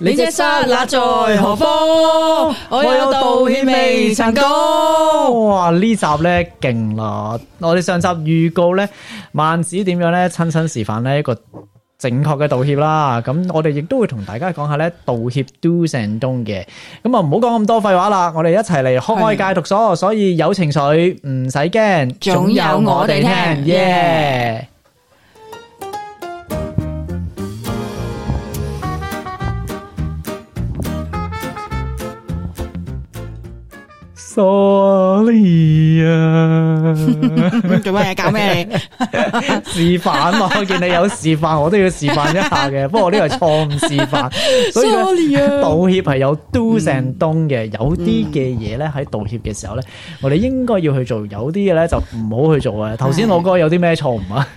你只剎那在何方？我有道歉未曾講。哇！呢集咧勁啦，我哋上集預告咧，萬子點樣咧親身示範呢，一個正確嘅道歉啦。咁我哋亦都會同大家講下咧道歉 do and don't 嘅。咁啊唔好講咁多廢話啦，我哋一齊嚟酷愛戒毒所，的所以有情緒唔使驚，總有我哋聽。Yeah yeah Sorry 啊！ 做咩？搞咩？ 示範嘛！我見你有示範，我都要示範一下嘅。不過呢個係錯誤示範，所以道歉係有 do and don't 嘅。有啲嘅嘢咧喺道歉嘅時候咧，我哋應該要去做；有啲嘅咧就唔好去做嘅。頭先我哥有啲咩錯誤啊？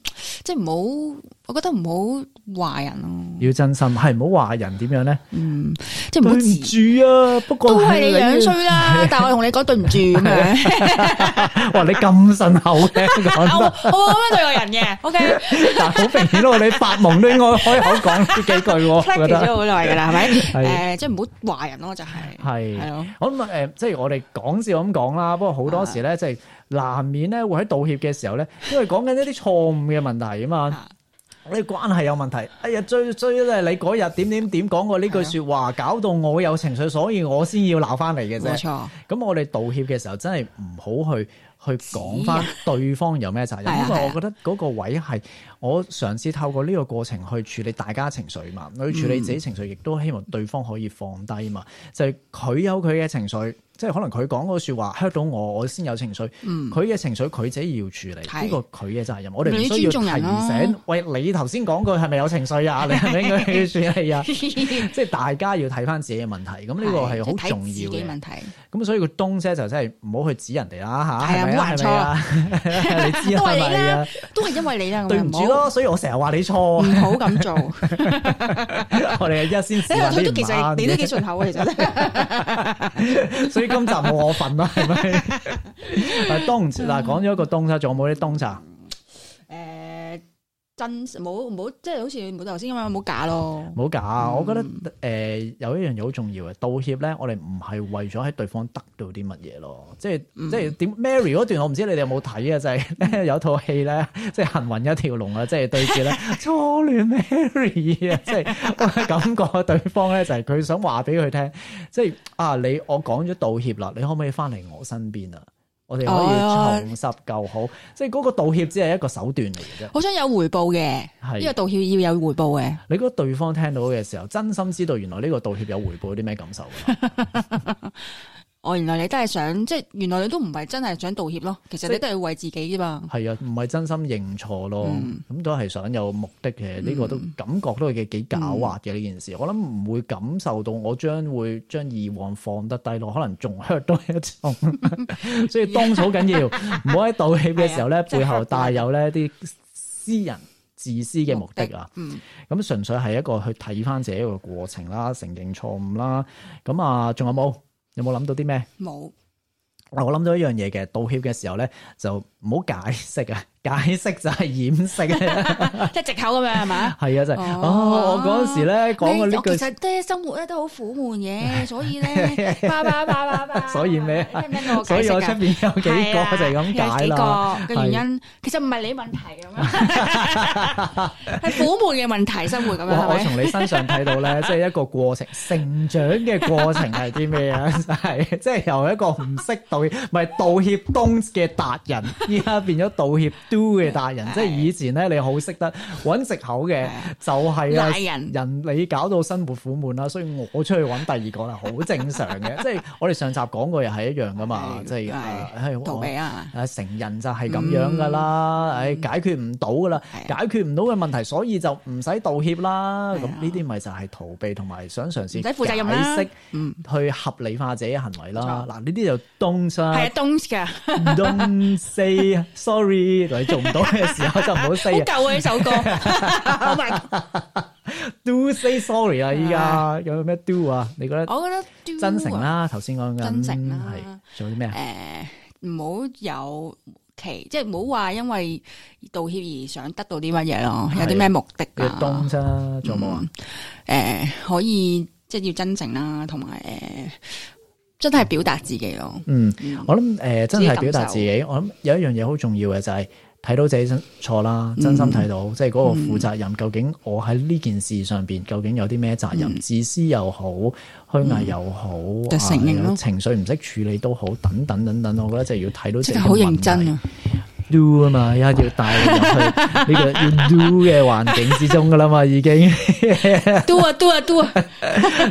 即係唔好，我覺得唔好話人咯。要真心係唔好話人，點樣咧？嗯，即係對唔住啊！不過都係你樣衰啦。但係我同你講對唔住咁樣。哇，你咁順口嘅講得，我咁樣做個人嘅。OK，好明顯咯，你發夢都應該開口講呢幾句。我覺得真係好耐噶啦，係咪？誒，即係唔好話人咯，就係係係咯。我諗誒，即係我哋講笑咁講啦。不過好多時咧，即係。難免咧會喺道歉嘅時候咧，因為講緊一啲錯誤嘅問題啊嘛， 你關係有問題，哎呀，最衰咧你嗰日點點點講過呢句說話，錯搞到我有情緒，所以我先要鬧翻嚟嘅啫。冇錯錯，咁我哋道歉嘅時候真係唔好去。去講翻對方有咩責任，因為我覺得嗰個位係我嘗試透過呢個過程去處理大家情緒嘛，去處理自己情緒，亦都希望對方可以放低嘛。就係佢有佢嘅情緒，即係可能佢講個説話 hurt 到我，我先有情緒。佢嘅情緒佢自己要處理，呢個佢嘅責任。我哋唔需要提醒，喂，你頭先講句係咪有情緒呀？你嘅説話係呀？即係大家要睇翻自己嘅問題，咁呢個係好重要嘅問題。咁所以個東姐就真係唔好去指人哋啦嚇。冇、哦、錯， 你知啦道，都係因為你啦，對唔住咯，所以我成日話你錯，唔好咁做。 我哋一先， 其實你都幾順口啊，其實。所以今集冇我份啦，係咪？ 但係當茶嗱，講咗個當茶，仲有冇啲當茶？冇冇，即係好似冇頭先咁樣，冇假咯，冇假、嗯。我覺得誒、呃，有一樣嘢好重要嘅，道歉咧，我哋唔係為咗喺對方得到啲乜嘢咯，即係即係點、嗯、Mary 嗰段我有有，我唔知你哋有冇睇啊？就係有套戲咧，即係行運一條龍啊，即係對住咧初戀 Mary 啊，即係感覺對方咧就係佢想話俾佢聽，即係啊你我講咗道歉啦，你可唔可以翻嚟我身邊啊？我哋可以重拾舊好，哦、即係嗰個道歉只係一個手段嚟嘅啫。好想有回報嘅，的因為道歉要有回報嘅。你覺得對方聽到嘅時候，真心知道原來呢個道歉有回報，啲咩感受？ 哦，原來你都係想，即係原來你都唔係真係想道歉咯。其實你都係為自己啫嘛。係啊，唔係真心認錯咯，咁、嗯、都係想有目的嘅。呢、呢個都感覺都係幾狡猾嘅呢件事。嗯、我諗唔會感受到我將會將以往放得低落，可能仲 hurt 多一重。 所以當草緊要，唔好喺道歉嘅時候咧，背後帶有咧啲私人自私嘅目的啊。咁純、嗯、粹係一個去睇翻自己嘅過程啦，承認錯誤啦。咁啊，仲、嗯、有冇？你有冇諗到啲咩？冇。我諗到一樣嘢嘅，道歉嘅時候咧，就唔好解釋啊。解釋就係掩飾，即係借口咁樣係嘛？係啊，就係。哦，我嗰時咧講嘅呢句，其實咧生活咧都好苦悶嘅，所以咧，所以咩？所以我出邊有幾個就係咁解啦。個嘅原因其實唔係你問題咁樣，係苦悶嘅問題，生活咁樣。我從你身上睇到咧，即係一個過程，成長嘅過程係啲咩啊？係即係由一個唔識道歉，唔係道歉東嘅達人，依家變咗道歉。Do 嘅大人，即係以前咧，你好識得揾藉口嘅，就係啦人你搞到生活苦悶啦，所以我出去揾第二個啦，好正常嘅。即係我哋上集講過又係一樣噶嘛，即係逃避啊！啊成人就係咁樣噶啦，唉解決唔到噶啦，解決唔到嘅問題，所以就唔使道歉啦。咁呢啲咪就係逃避同埋想嘗試唔使負責任，解釋，嗯，去合理化自己嘅行為啦。嗱呢啲就 don't 啦，係啊 don't 嘅，don't say sorry。你做唔到嘅時候就唔好 say。好舊啊！呢首歌，同埋 do say sorry 啊！依家有咩 do 啊？你覺得？我覺得 do 真誠啦，頭先講嘅真誠啦，係做啲咩啊？誒，唔好有期，即係唔好話因為道歉而想得到啲乜嘢咯，有啲咩目的啊？東啫，做冇啊？誒，可以即係要真誠啦，同埋誒，真係表達自己咯。嗯，我諗誒，真係表達自己。我諗有一樣嘢好重要嘅就係。睇到自己真錯啦，真心睇到，即係嗰個負責任。究竟我喺呢件事上邊究竟有啲咩責任？自私又好，虛偽又好，承認咯，情緒唔識處理都好，等等等等。我覺得即係要睇到自己好認真啊！do 啊嘛，要帶入去呢個 do 嘅環境之中噶啦嘛，已經 do 啊 do 啊 do 啊！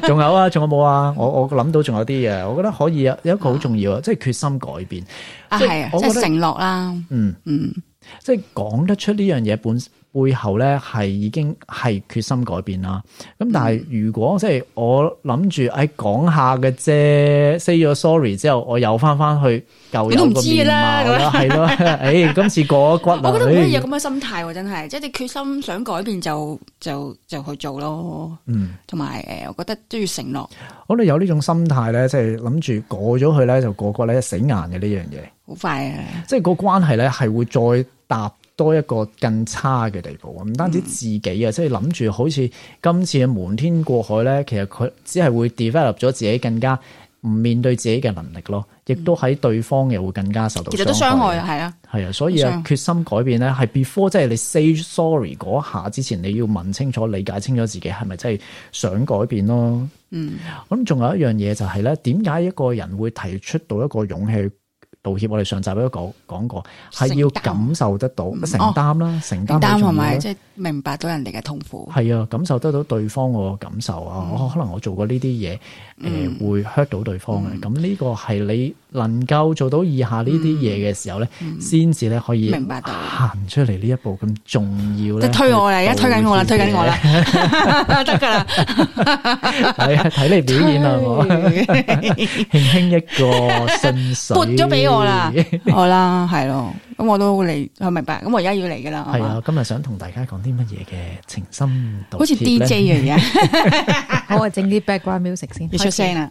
仲有啊？仲有冇啊？我我諗到仲有啲嘢，我覺得可以有有一個好重要啊，即係決心改變啊，係啊，即係承諾啦，嗯嗯。即係講得出呢樣嘢本。背後咧係已經係決心改變啦，咁但係如果即係、就是、我諗住誒講下嘅啫，say 咗 sorry 之後，我又翻翻去舊都唔知目，係咯，誒今次過一骨我覺得有咁嘅唉心態，真係即係你決心想改變就就就去做咯，嗯，同埋誒，我覺得都要承諾。我哋有呢種心態咧，即係諗住過咗去咧就過骨咧死硬嘅呢樣嘢，好快啊！即係個關係咧係會再搭。多一個更差嘅地步，唔單止自己啊？即係諗住好似今次嘅瞞天過海咧，其實佢只係會 develop 咗自己更加唔面對自己嘅能力咯。亦都喺對方又會更加受到其實都傷害啊，係啊，係啊，所以啊，決心改變咧係 before 即係你 say sorry 嗰下之前，你要問清楚、理解清楚自己係咪真係想改變咯？嗯，咁仲有一樣嘢就係、是、咧，點解一個人會提出到一個勇氣？道歉，我哋上集都講講過，係擔要感受得到、嗯、承擔啦，承擔同埋即係明白到人哋嘅痛苦，係啊，感受得到對方個感受啊，我、嗯哦、可能我做過呢啲嘢，誒、嗯呃，會 hurt 到對方嘅，咁呢、嗯嗯、個係你。能夠做到以下呢啲嘢嘅時候咧，先至咧可以明白行出嚟呢一步咁重要咧。推我啦，而家推緊我啦，推緊我啦，得噶啦。係啊，睇你表演係嘛？輕輕一個信水撥咗俾我啦，好啦，係咯。咁我都嚟，我明白。咁我而家要嚟噶啦。係啊，今日想同大家講啲乜嘢嘅情深好似 D J 樣嘅，我整啲 background music 先，出聲啦。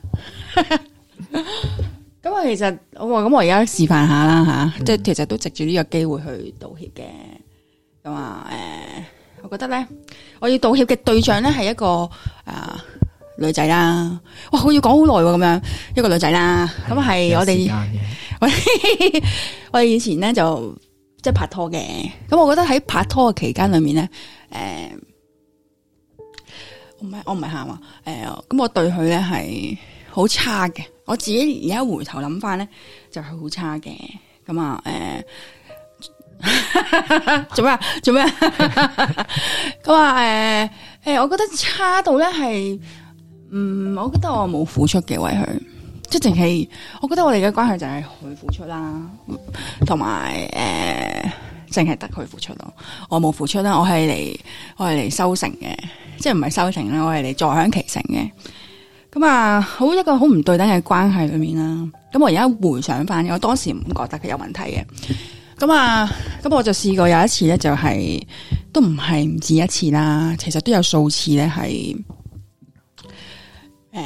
咁啊，其實我咁我而家示範下啦吓，即係、嗯、其實都藉住呢個機會去道歉嘅，咁、嗯、啊，誒、呃，我覺得咧，我要道歉嘅對象咧係一個啊、呃、女仔啦，哇，我要講好耐喎，咁樣一個女仔啦，咁係的、嗯、我哋 我哋我哋以前咧就即、是、係拍拖嘅，咁、嗯、我覺得喺拍拖嘅期間裏面咧，誒、呃，唔係我唔係喊啊，誒，咁、呃、我對佢咧係好差嘅。我自己而家回頭諗翻咧，就係、是、好差嘅。咁、嗯、啊，誒、嗯，做咩？做咩？咁啊、 嗯，誒，誒，我覺得差到咧係，嗯，我覺得我冇付出嘅為佢，即係淨係，我覺得我哋嘅關係就係佢付出啦，同埋誒，淨係得佢付出咯，我冇付出啦，我係嚟，我係嚟收成嘅，即係唔係收成啦，我係嚟坐享其成嘅。咁啊，好一個好唔對等嘅關係裏面啦。咁我而家回想返，我當時唔覺得佢有問題嘅。咁啊，咁我就試過有一次咧，就係都唔係唔止一次啦，其實都有數次咧係，誒，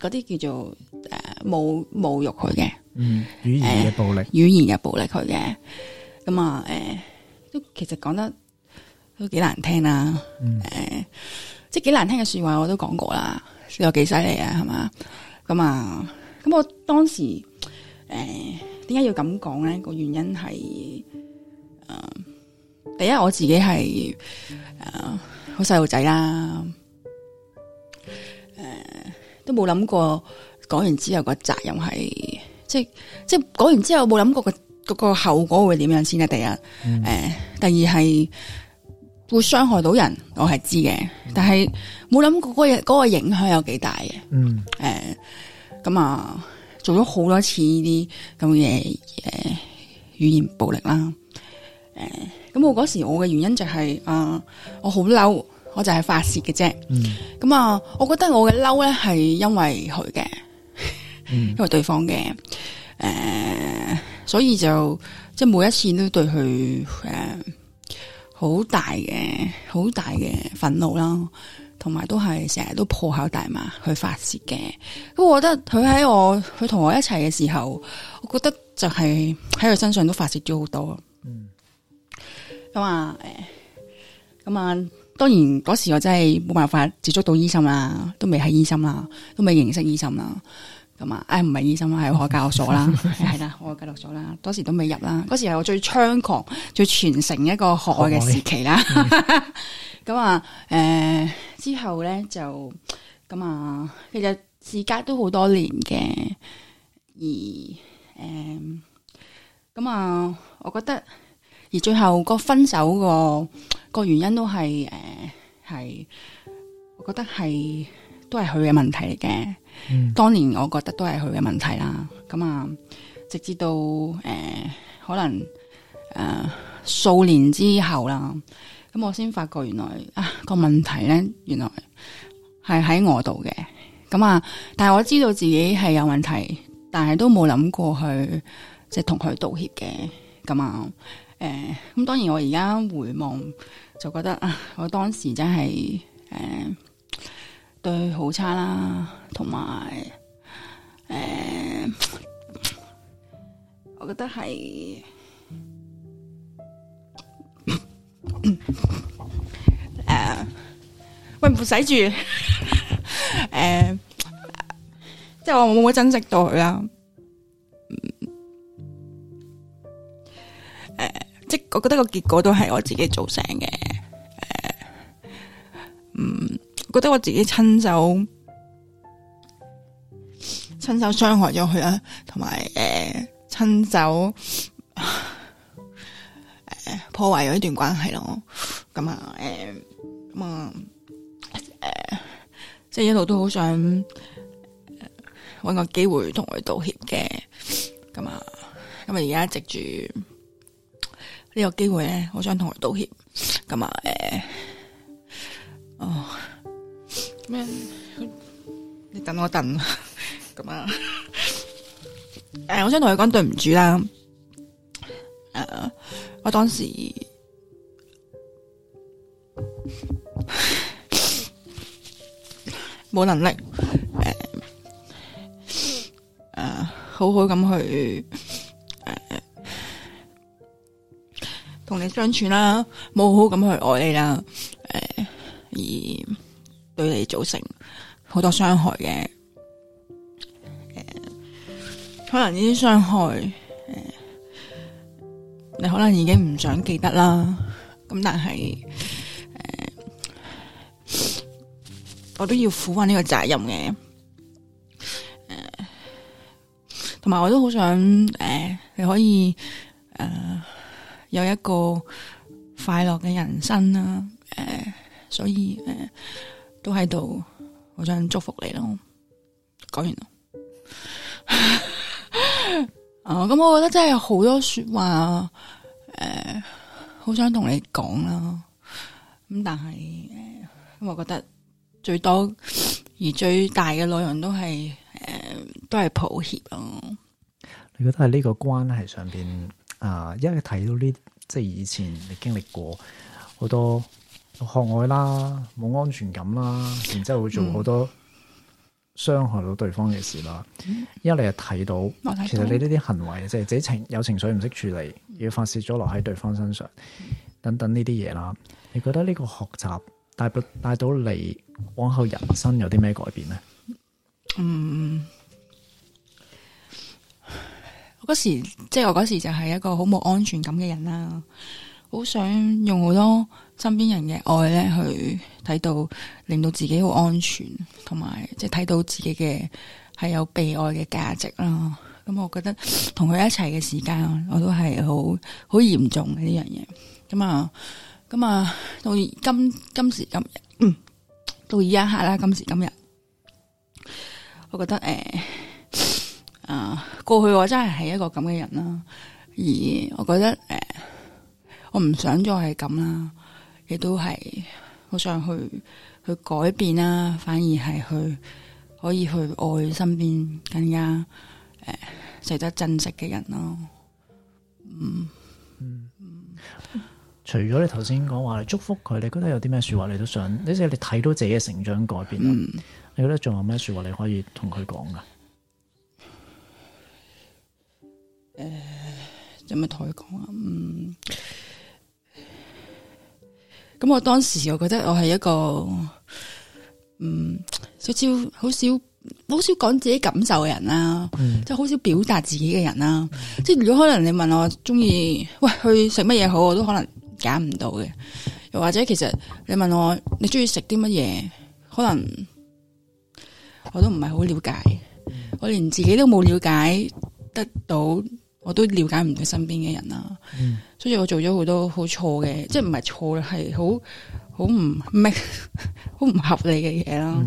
嗰啲叫做誒，侮侮辱佢嘅，嗯，語言嘅暴力，嗯嗯、語言嘅暴力佢嘅。咁啊，誒，都其實講得都幾難聽啦。誒，即係幾難聽嘅說話，我都講過啦。有過幾犀利啊，係嘛？咁啊，咁、嗯、我當時誒，點、呃、解要咁講咧？個原因係，誒、呃，第一我自己係誒好細路仔啦，誒、呃，都冇諗過講完之後個責任係，即係即係講完之後冇諗過、那個嗰、那個後果會點樣先啊？第一，誒、呃，第二係。會傷害到人，我係知嘅，但係冇諗過嗰個影響有幾大嘅。嗯，誒、呃，咁啊，做咗好多次呢啲咁嘅誒語言暴力啦。誒、呃，咁我嗰時我嘅原因就係、是、啊、呃，我好嬲，我就係發洩嘅啫。咁啊、嗯呃，我覺得我嘅嬲咧係因為佢嘅，嗯、 因為對方嘅。誒、呃，所以就即係每一次都對佢誒。呃好大嘅，好大嘅憤怒啦，同埋都係成日都破口大罵去發洩嘅。咁我覺得佢喺我，佢同我一齊嘅時候，我覺得就係喺佢身上都發洩咗好多。咁啊、嗯，咁啊、嗯嗯嗯嗯，當然嗰時我真係冇辦法接觸到醫生啦，都未喺醫生啦，都未認識醫生啦。咁啊！唉、嗯，唔、哎、係醫生啦，係海教所啦，係啦，海外教育所啦，當 時都未入啦。嗰時係我最猖狂、最傳承一個學愛嘅時期啦。咁啊，誒、 嗯嗯、之後咧就咁啊、嗯，其實事隔都好多年嘅。而誒咁啊，我覺得而最後個分手個個原因都係誒係，我覺得係。都係佢嘅問題嚟嘅。嗯、當年我覺得都係佢嘅問題啦。咁啊，直至到誒、呃，可能誒數、呃、年之後啦，咁我先發覺原來啊個問題咧，原來係喺我度嘅。咁啊，但係我知道自己係有問題，但係都冇諗過去即係同佢道歉嘅。咁啊，誒、呃、咁，當然我而家回望就覺得啊，我當時真係誒。呃對好差啦，同埋誒，我覺得係誒，喂唔使住，誒、 呃呃，即係我冇乜珍惜到佢啦，誒、嗯呃，即我覺得個結果都係我自己造成嘅。覺得我自己親手親手傷害咗佢啊，同埋誒親手誒、呃、破壞咗一段關係咯。咁啊誒咁啊誒，即係一路都好想搵個機會同佢道歉嘅。咁、呃、啊，咁啊而家藉住呢個機會咧，好想同佢道歉。咁啊誒哦。呃呃咩？你等我等咁啊！誒，我想同佢講對唔住啦。誒，我當時冇能力誒誒，好好咁去誒同你相處啦，冇好好咁去愛你啦，誒而。對你造成好多傷害嘅，uh, 可能呢啲傷害，uh, 你可能已經唔想記得啦。咁但係，uh, 我都要負翻呢個責任嘅，同、uh, 埋我都好想，誒、uh,，你可以，誒、uh,，有一個快樂嘅人生啦、啊，誒、uh,，所以，誒、uh,。都喺度，好想祝福你咯。講完咯，哦、 嗯，咁、嗯、我覺得真係有好多說話，誒、呃，好想同你講啦。咁、嗯、但係、呃，我覺得最多而最大嘅內容都係，誒、呃，都係抱歉咯、啊。你覺得喺呢個關係上邊，啊、呃，因為睇到呢，即係以前你經歷過好多。學愛啦，冇安全感啦，然之後會做好多傷害到對方嘅事啦。一嚟係睇到，其實你呢啲行為，即係自己情有情緒唔識處理，要發洩咗落喺對方身上，等等呢啲嘢啦。嗯，你覺得呢個學習帶帶，帶到你往後人生有啲咩改變呢？嗯，我嗰時即係、就係、我嗰時就係一個好冇安全感嘅人啦。好想用好多身邊人嘅愛咧，去睇到令到自己好安全，同埋即係睇到自己嘅係有被愛嘅價值啦。咁、嗯、我覺得同佢一齊嘅時間，我都係好好嚴重嘅呢樣嘢。咁、嗯、啊，咁、嗯、啊，到今今時今日，嗯、到而家一刻啦，今時今日，我覺得誒，啊、呃呃，過去我真係係一個咁嘅人啦，而我覺得、呃我唔想再係咁啦，亦都係好想去去改變啦，反而係去可以去愛身邊更加、呃、值得珍惜嘅人咯。嗯，嗯，除咗你頭先講話祝福佢，你覺得有啲咩說話你都想？你睇到自己嘅成長改變、嗯、你覺得仲有咩說話你可以同佢講㗎？誒、呃，點樣同佢講啊？嗯。咁我當時我覺得我係一個，嗯，少少好少好少講自己感受嘅人啦，啊嗯啊，即係好少表達自己嘅人啦。即係如果可能你問我中意喂去食乜嘢好，我都可能揀唔到嘅。又或者其實你問我你中意食啲乜嘢，可能我都唔係好了解，我連自己都冇了解得到。我都了解唔到身邊嘅人啦，嗯、所以我做咗好多好錯嘅，即係唔係錯啦，係、嗯嗯嗯啊嗯、好好唔唔，好唔合理嘅嘢啦。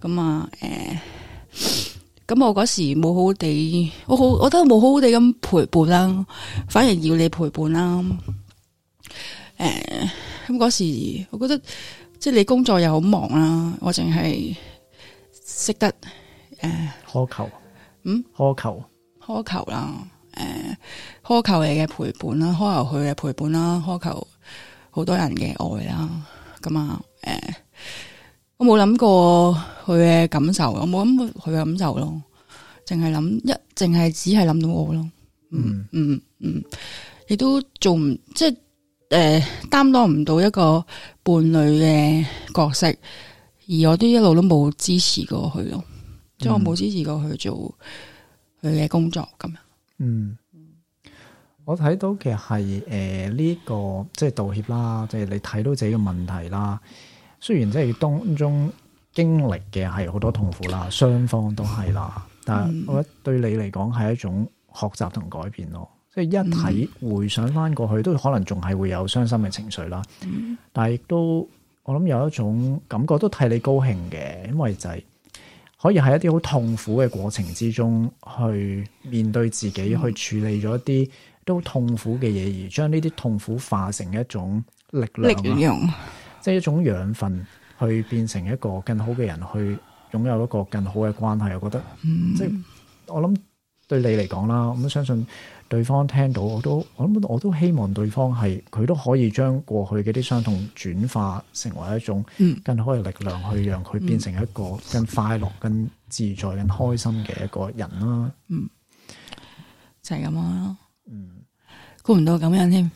咁啊，誒，咁我嗰時冇好地，我好我都冇好好地咁陪伴啦，反而要你陪伴啦。誒、嗯，咁嗰時我覺得即係你工作又好忙啦，我淨係識得誒苛求，嗯，苛求苛求啦。誒，苛求你嘅陪伴啦，苛求佢嘅陪伴啦，苛求好多人嘅愛啦，咁啊，誒、欸，我冇諗過佢嘅感受，我冇諗過佢嘅感受咯，淨係諗一，淨係只係諗到我咯、嗯嗯，嗯嗯嗯，亦都做唔即係誒，擔、呃、當唔到一個伴侶嘅角色，而我都一路都冇支持過佢咯，即係我冇支持過佢做佢嘅工作咁。嗯嗯嗯，我睇到嘅係誒呢個即係道歉啦，即係你睇到自己嘅問題啦。雖然即係當中經歷嘅係好多痛苦啦，雙方都係啦，但係我覺得對你嚟講係一種學習同改變咯。嗯、即係一睇回想翻過去，都可能仲係會有傷心嘅情緒啦。但係亦都我諗有一種感覺都替你高興嘅，因為就係。可以喺一啲好痛苦嘅過程之中，去面對自己，嗯、去處理咗一啲都痛苦嘅嘢，而將呢啲痛苦化成一種力量，力用即係一種養分，去變成一個更好嘅人，去擁有一個更好嘅關係。我覺得，嗯、即係我諗對你嚟講啦，咁相信。對方聽到我都，我諗我都希望對方係佢都可以將過去嘅啲傷痛轉化成為一種更好嘅力量，去讓佢變成一個更快樂、更自在、更開心嘅一個人啦。嗯，就係、是、咁樣咯。嗯，估唔到咁樣添。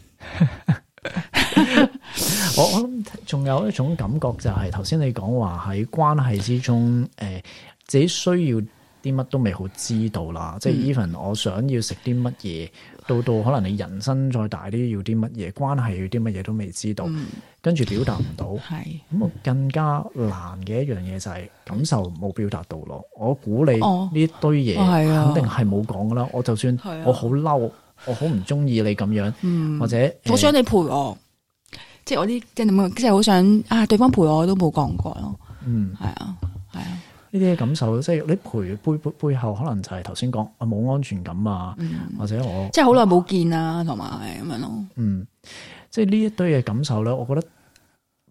我我諗仲有一種感覺就係頭先你講話喺關係之中，誒、呃，自己需要。啲乜都未好知道啦，即係 even 我想要食啲乜嘢，到到可能你人生再大啲，要啲乜嘢關係要啲乜嘢都未知道，嗯、跟住表達唔到，咁的更加難嘅一樣嘢就係感受冇表達到咯。我估你呢堆嘢肯定係冇講噶啦，哦哦、我就算我好嬲，的我好唔中意你咁樣，嗯、或者我想你陪我，嗯、即係我啲即係即係好想啊，對方陪我，我都冇講過咯，嗯，係啊，係啊。呢啲嘅感受，即係你陪背背背後，可能就係頭先講，我冇安全感啊，嗯、或者我即係好耐冇見啊，同埋咁樣咯。嗯，即係呢一堆嘅感受咧，我覺得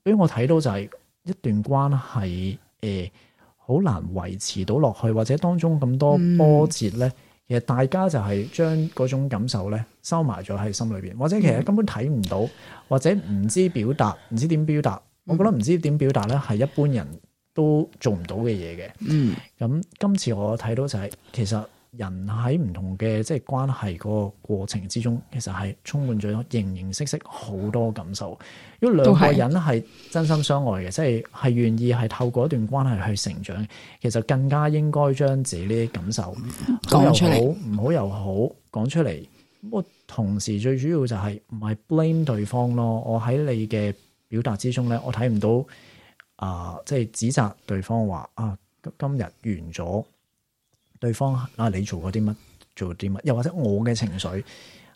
俾我睇到就係一段關係，誒、呃，好難維持到落去，或者當中咁多波折咧。嗯、其實大家就係將嗰種感受咧收埋咗喺心裏邊，或者其實根本睇唔到，嗯、或者唔知表達，唔知點表達。嗯、我覺得唔知點表達咧，係一般人都做唔到嘅嘢嘅，嗯，咁今次我睇到就係，其實人喺唔同嘅即係關係個過程之中，其實係充滿咗形形色色好多感受。如果兩個人係真心相愛嘅，即係係願意係透過一段關係去成長，其實更加應該將自己呢啲感受講出嚟，好唔好又好講出嚟。我同時最主要就係，唔係 blame 對方咯。我喺你嘅表達之中咧，我睇唔到。啊，即係、呃就是、指責對方話啊，今日完咗，對方啊，你做過啲乜？做啲乜？又或者我嘅情緒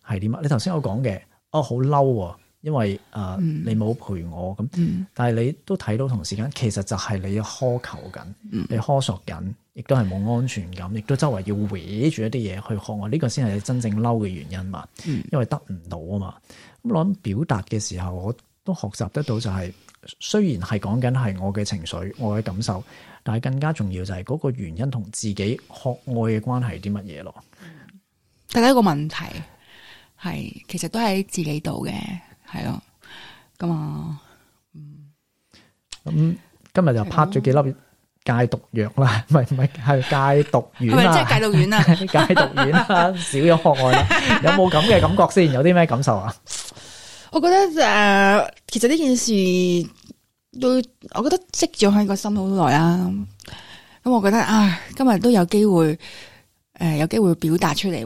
係點啊？你頭先我講嘅，哦，好嬲、啊，因為啊，呃嗯、你冇陪我咁。但係你都睇到同時間，其實就係你苛求緊，你苛索緊，亦都係冇安全感，亦都周圍要搲住一啲嘢去學我。呢、這個先係真正嬲嘅原因嘛，因為得唔到啊嘛。咁我諗表達嘅時候，我都學習得到就係。雖然係講緊係我嘅情緒、我嘅感受，但係更加重要就係嗰個原因同自己學愛嘅關係啲乜嘢咯。第一個問題係其實都喺自己度嘅，係咯，噶嘛。咁今日就拍咗幾粒戒毒藥啦，唔係唔係係戒毒丸啊，即係戒毒丸啊，戒毒丸啦少咗學愛，有冇咁嘅感覺先？有啲咩感受啊？我覺得誒，其實呢件事，對，我覺得積咗喺個心好耐啦。咁我覺得啊，今日都有機會，誒，有機會表達出嚟。誒，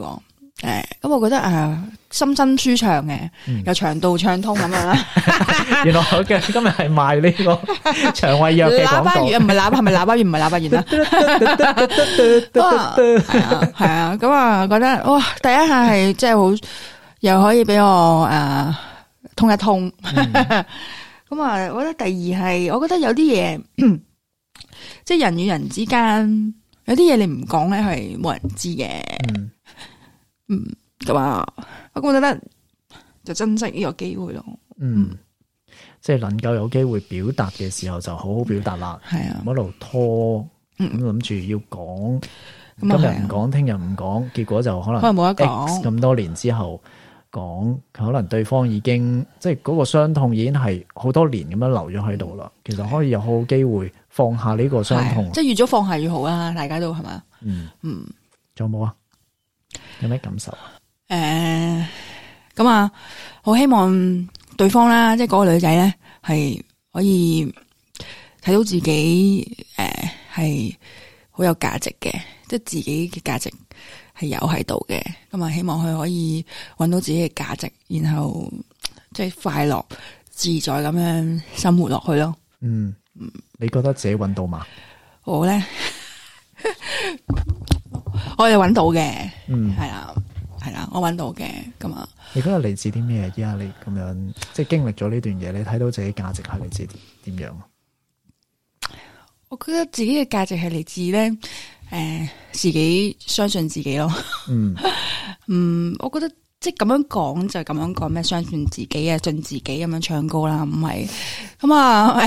咁我覺得誒，心身舒暢嘅，又腸道暢通咁樣啦。Hmm. 原來好嘅，okay, 今日係賣呢個腸胃藥嘅廣告 喇叭丸唔係喇，係咪喇叭丸唔係喇叭丸 啊？係啊，係啊，咁啊，覺得哇，第一下係真係好，又可以俾我誒。啊痛一痛，咁啊！我覺得第二係，我覺得有啲嘢，即係人與人之間有啲嘢你唔講咧，係冇人知嘅。嗯，咁啊，咁我覺得就珍惜呢個機會咯。嗯，即係能夠有機會表達嘅時候，就好好表達啦。係啊，唔好一路拖，咁諗住要講，今日唔講，聽日唔講，結果就可能可能冇得講咁多年之後。講可能對方已經即係嗰個傷痛已經係好多年咁樣留咗喺度啦，其實可以有好機會放下呢個傷痛，即係越早放下越好啊！大家都係咪？嗯嗯，仲有冇、呃、啊？有咩感受啊？誒，咁啊，好希望對方啦，即係嗰個女仔咧，係可以睇到自己誒係好有價值嘅，即係自己嘅價值。係有喺度嘅，咁啊，希望佢可以揾到自己嘅價值，然後即係快樂自在咁樣生活落去咯。嗯，你覺得自己揾到嘛？好咧我呢、 嗯，我哋揾到嘅。嗯，係啦，係啦，我揾到嘅，咁啊。你覺得嚟自啲咩？而家你咁樣即係、就是、經歷咗呢段嘢，你睇到自己價值係嚟自點樣啊？我覺得自己嘅價值係嚟自咧。誒、呃，自己相信自己咯。 嗯，我覺得即係咁樣講就咁樣講咩，相信自己啊，信自己咁樣唱歌啦，唔係咁啊。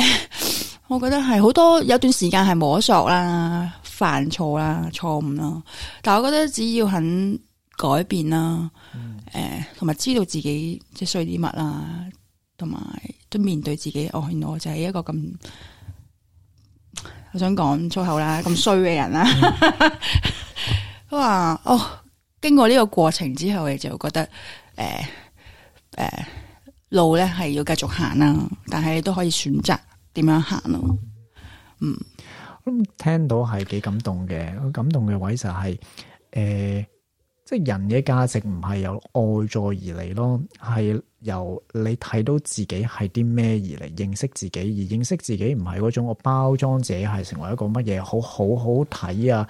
我覺得係好多有段時間係摸索啦、犯錯啦、錯誤啦。但係我覺得只要肯改變啦，誒、嗯，同埋、呃、知道自己即係需要啲乜啦，同埋都面對自己，我、哦、原來我就係一個咁。我想講粗口啦，咁衰嘅人啦，佢 話哦，經過呢個過程之後，你就覺得誒誒、呃呃、路咧係要繼續行啦，但係你都可以選擇點樣行咯。嗯，嗯，聽到係幾感動嘅，我感動嘅位就係、是、誒、即、呃、係、就是、人嘅價值唔係由外在而嚟咯，係。由你睇到自己係啲咩而嚟認識自己，而認識自己唔係嗰種包裝自己係成為一個乜嘢好好好睇啊，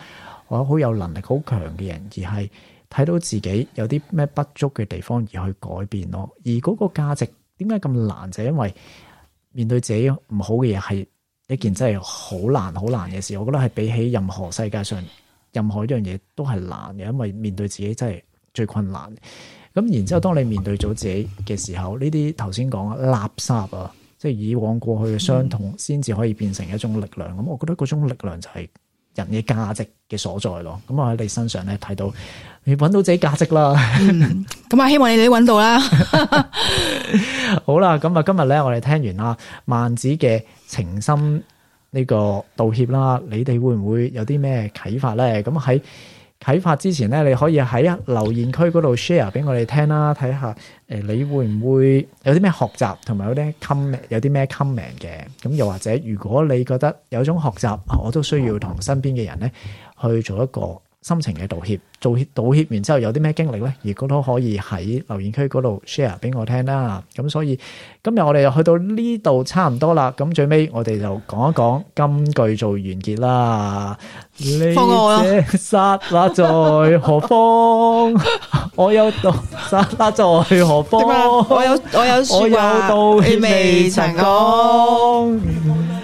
或者好有能力好強嘅人，而係睇到自己有啲咩不足嘅地方而去改變咯。而嗰個價值點解咁難就係因為面對自己唔好嘅嘢係一件真係好難好難嘅事。我覺得係比起任何世界上任何一樣嘢都係難嘅，因為面對自己真係最困難。咁然之後，當你面對咗自己嘅時候，呢啲頭先講嘅垃圾啊，即係以往過去嘅傷痛，先至可以變成一種力量。咁、嗯，我覺得嗰種力量就係人嘅價值嘅所在咯。咁我喺你身上咧睇到，你揾到自己價值啦。咁 啊、嗯嗯，希望你哋揾到啦。 好啦，咁啊，今日咧我哋聽完阿萬子嘅情深呢個道歉啦，你哋會唔會有啲咩啟發咧？咁喺。啟發之前咧，你可以喺留言區嗰度 share 俾我哋聽啦，睇下誒，你會唔會有啲咩學習，同埋有啲 comment，有啲咩 comment 嘅？咁又或者，如果你覺得有種學習，我都需要同身邊嘅人咧去做一個。心情嘅道歉，道歉道歉，完之後有啲咩經歷咧？如果都可以喺留言區嗰度 share 俾我聽啦。咁所以今日我哋又去到呢度差唔多啦。咁最尾我哋就講一講金句做完結啦。你剎那在何方？我有道，剎那在何方？我有我有我有道。」道歉未成功。